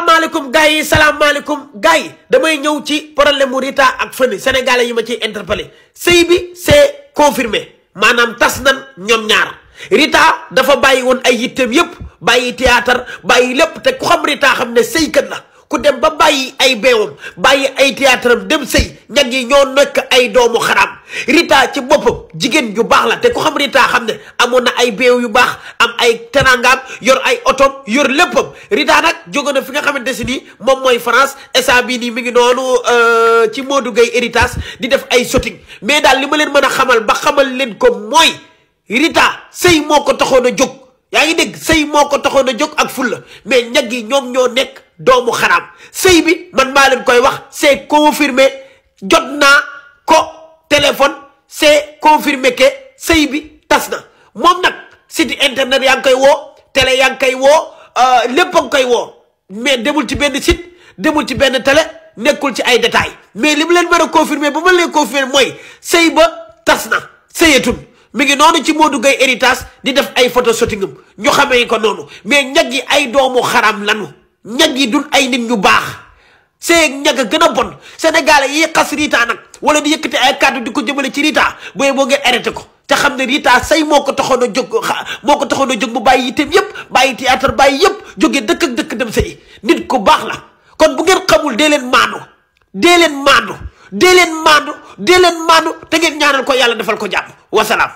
salaamaaleykum gars yi salaamaaleykum gars yi damay ñëw ci problème mu Rita ak Feuny sénégalais yi ma ciy interpellé sëy bi see confirmé maanaam tas nan ñoom ñaar Rita dafa bàyyi woon ay yitteem yépp bàyyi théâtre bàyyi lépp te ku xam Rita xam ne sëykat la ku dem ba bàyyi ay beewam bàyyi ay théâtre am dem sëy ñag yi ñoo nekk ay doomu xaram Rita ci boppam jigéen yu baax la te ku xam Rita xam ne amoon na ay beew yu baax am ay teraangaam yor ay otoom yor léppam Rita nag jóge na fi nga xamante si nii moom mooy France esa bii nii mi ngi noonu euh, ci Modou Gueye héritage di def ay shooting mais daal li ma leen mën a xamal ba xamal leen ko mooy Rita sëy moo ko taxoon a jóg yaa ngi dégg sëy moo ko taxoon a jóg ak fulla mais ñag yi ñoom ñoo nekk doomu xanaam sëy bi man maa leen koy wax c'est confirmé jot naa ko téléphone c'est confirmé que sëy bi tas na moom nag site internet yaa ngi koy woo télé yaa ngi koy woo euh, lépp a koy woo mais demul ci benn site demul ci benn télé nekkul ci ay détails mais li mu leen bara a confirmer ba ma leen confirmer mooy sëy ba tas na sëyatul mi ngi noonu ci Modou Gueye héritage di def ay photo shooting am ñu xamee ko noonu mais ñag yi ay doomu xaram lanu ñag yi dul ay nit ñu baax seeg ñag a gën a bon sénégalais yi xas Rita nag wala di yëkkati ay kàddu di ko jëmale ci Rita booye boo ngeen arrêté ko te xam ne Rita Seye moo ko taxoon a jóg moo ko taxoon a jóg mu bàyyi itam yëpp bàyyi théâtre bàyyi yëpp jógee dëkk ak dëkk dem say nit ku baax la kon bu ngeen xamul dee leen maandu dee leen maandu dee leen maandu dee leen maandu te ngeen ñaanal ko yàlla defal ko jàmm wasalaam.